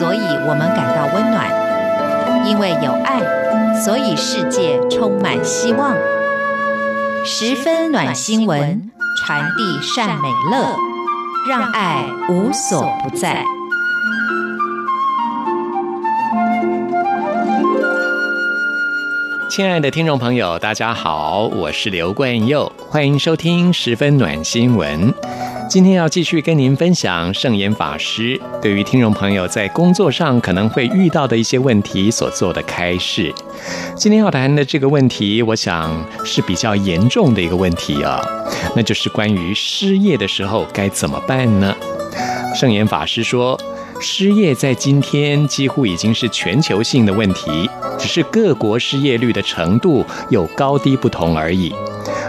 所以我們感到溫暖，因為有愛，所以世界充滿希望。十分暖新聞，傳遞善美樂，讓愛無所不在。親愛的聽眾朋友，大家好，我是劉冠佑，歡迎收聽十分暖新聞。今天要繼續跟您分享聖嚴法師對於聽眾朋友在工作上可能會遇到的一些問題所做的開示。今天要談的這個問題，我想是比較嚴重的一個問題啊、哦，那就是關於失業的時候該怎麼辦呢？聖嚴法師說，失業在今天幾乎已經是全球性的問題，只是各國失業率的程度有高低不同而已。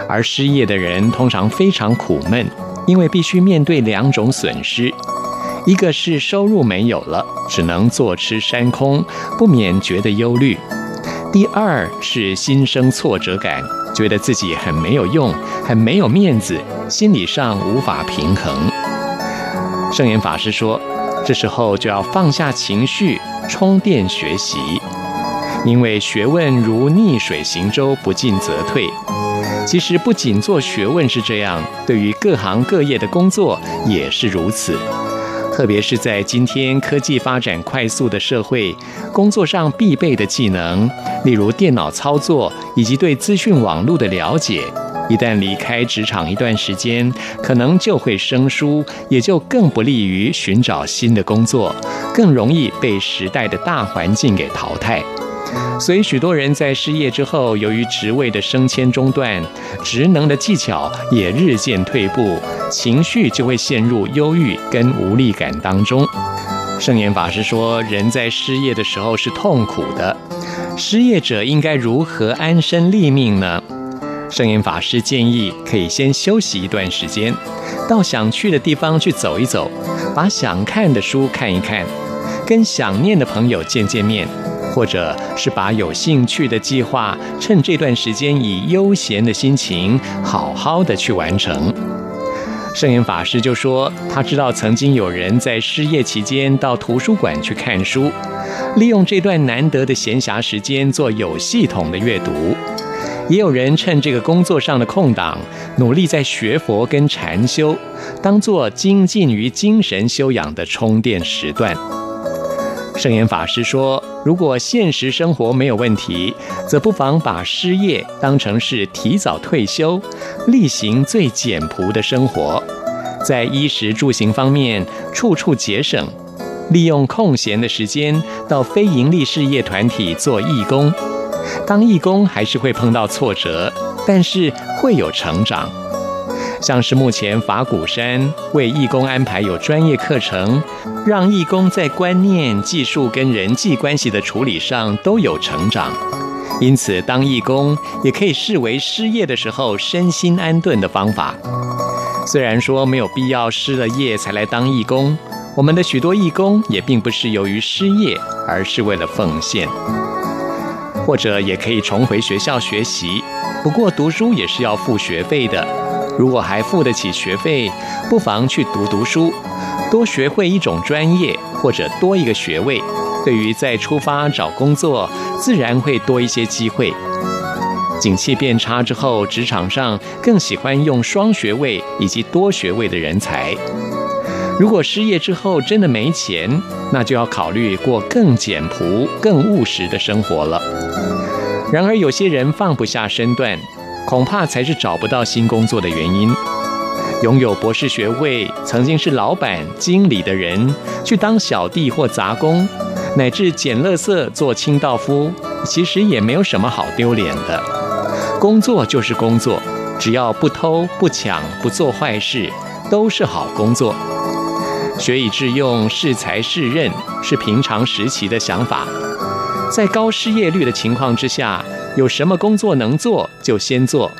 而失業的人通常非常苦悶。因為必須面對兩種損失，一個是收入沒有了，只能坐吃山空，不免覺得憂慮；第二是心生挫折感，覺得自己很沒有用，很沒有面子，心理上無法平衡。聖嚴法師說，這時候就要放下情緒，充電學習，因為學問如逆水行舟，不進則退。其實不僅做學問是這樣，對於各行各業的工作也是如此。特別是在今天科技發展快速的社會，工作上必備的技能，例如電腦操作以及對資訊網絡的了解，一旦離開職場一段時間，可能就會生疏，也就更不利於尋找新的工作，更容易被時代的大環境給淘汰。所以，許多人在失業之後，由於職位的升遷中斷，職能的技巧也日漸退步，情緒就會陷入憂鬱跟無力感當中。聖嚴法師說，人在失業的時候是痛苦的。失業者應該如何安身立命呢？聖嚴法師建議，可以先休息一段時間，到想去的地方去走一走，把想看的書看一看，跟想念的朋友見見面。或者是把有興趣的計劃，趁這段時間以悠閒的心情，好好的去完成。聖嚴法師就說，他知道曾經有人在失業期間到圖書館去看書，利用這段難得的閒暇時間做有系統的閱讀；也有人趁這個工作上的空檔，努力在學佛跟禪修，當作精進於精神修養的充電時段。聖嚴法師說：“如果現實生活沒有問題，則不妨把失業當成是提早退休，例行最簡樸的生活，在衣食住行方面處處節省，利用空閒的時間到非營利事業團體做義工。當義工還是會碰到挫折，但是會有成長。”像是目前法鼓山為義工安排有專業課程，讓義工在觀念、技術跟人際關係的處理上都有成長。因此，當義工也可以視為失業的時候，身心安頓的方法。雖然說沒有必要失了業才來當義工，我們的許多義工也並不是由於失業，而是為了奉獻。或者也可以重回學校學習，不過讀書也是要付學費的。如果還付得起學費，不妨去讀讀書，多學會一種專業或者多一個學位，對於再出發找工作，自然會多一些機會。景氣變差之後，職場上更喜歡用雙學位以及多學位的人才。如果失業之後真的沒錢，那就要考慮過更簡樸、更務實的生活了。然而，有些人放不下身段，恐怕才是找不到新工作的原因。擁有博士學位、曾經是老闆、經理的人，去當小弟或雜工，乃至撿垃圾、做清道夫，其實也沒有什麼好丟臉的。工作就是工作，只要不偷不搶、不做壞事，都是好工作。學以致用、適才適任是平常時期的想法，在高失業率的情況之下。有什麼工作能做就先做，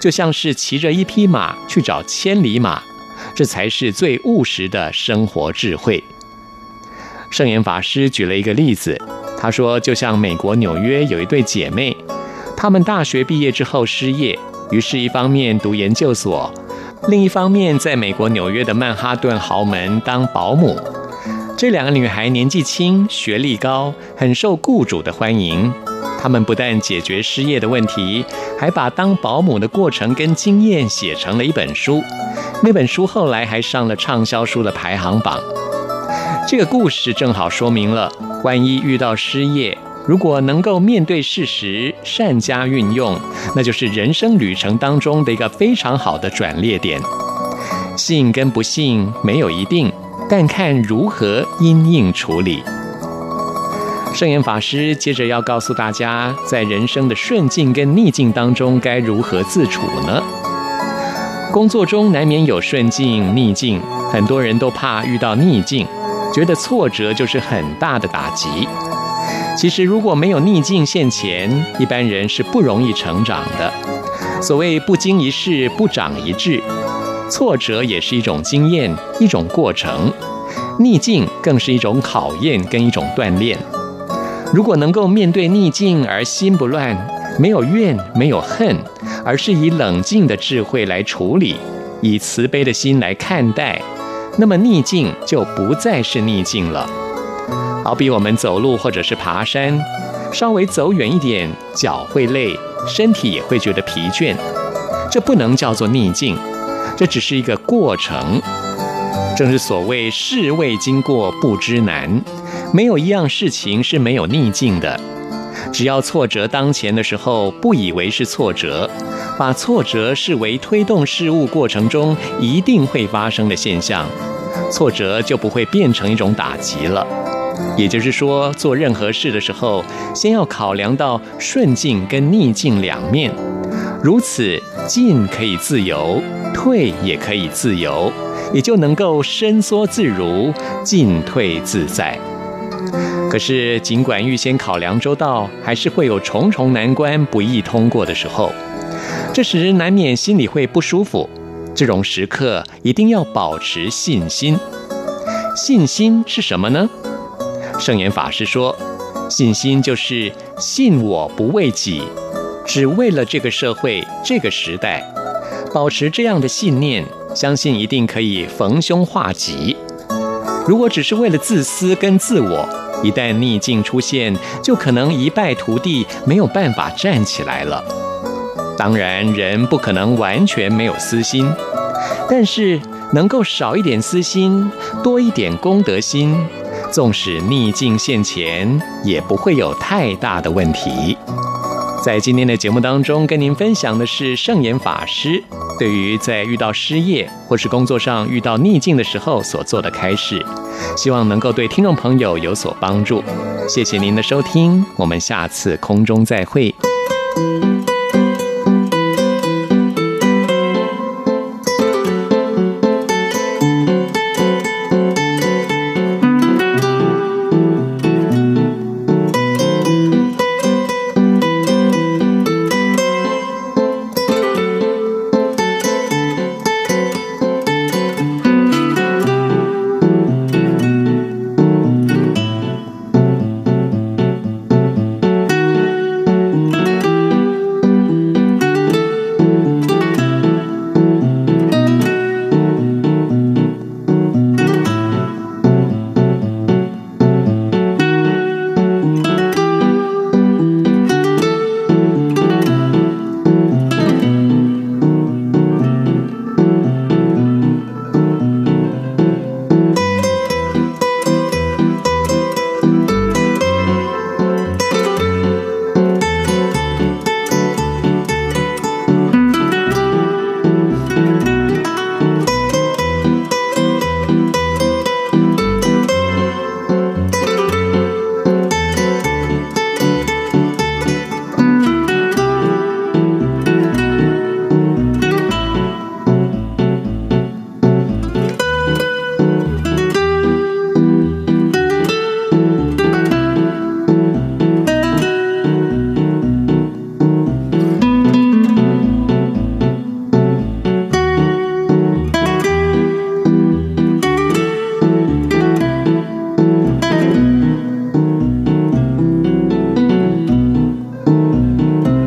就像是騎着一匹馬去找千里馬，這才是最務實的生活智慧。聖嚴法師舉了一個例子，他說：“就像美國紐約有一對姐妹，她們大學畢業之後失業，於是一方面讀研究所，另一方面在美國紐約的曼哈頓豪門當保姆。這兩個女孩年紀輕，學歷高，很受僱主的歡迎。”他們不但解決失業的問題，還把當保姆的過程跟經驗寫成了一本書。那本書後來還上了暢銷書的排行榜。這個故事正好說明了，萬一遇到失業，如果能夠面對事實，善加運用，那就是人生旅程當中的一個非常好的轉捩點。幸跟不幸沒有一定，但看如何因應處理。聖嚴法師接着要告訴大家，在人生的順境跟逆境當中，該如何自處呢？工作中難免有順境、逆境，很多人都怕遇到逆境，覺得挫折就是很大的打擊。其實，如果沒有逆境現前，一般人是不容易成長的。所謂“不經一事不長一智”，挫折也是一種經驗，一種過程；逆境更是一種考驗跟一種鍛鍊。如果能夠面對逆境而心不亂，沒有怨，沒有恨，而是以冷靜的智慧來處理，以慈悲的心來看待，那麼逆境就不再是逆境了。好比我們走路或者是爬山，稍微走遠一點，腳會累，身體也會覺得疲倦，這不能叫做逆境，這只是一個過程。正是所謂“事未經過不知難”，沒有一樣事情是沒有逆境的。只要挫折當前的時候不以為是挫折，把挫折視為推動事物過程中一定會發生的現象，挫折就不會變成一種打擊了。也就是說，做任何事的時候，先要考量到順境跟逆境兩面，如此進可以自由，退也可以自由。也就能夠伸縮自如，進退自在。可是，儘管預先考量周到，還是會有重重難關不易通過的時候。這時難免心裡會不舒服。這種時刻一定要保持信心。信心是什麼呢？聖嚴法師說，信心就是信我不為己，只為了這個社會，這個時代。保持這樣的信念，相信一定可以逢凶化吉。如果只是為了自私跟自我，一旦逆境出現，就可能一敗塗地，沒有辦法站起來了。當然，人不可能完全沒有私心，但是能夠少一點私心，多一點功德心，縱使逆境現前，也不會有太大的問題。在今天的節目當中，跟您分享的是聖嚴法師，對於在遇到失業或是工作上遇到逆境的時候所做的開示，希望能夠對聽眾朋友有所幫助。謝謝您的收聽，我們下次空中再會。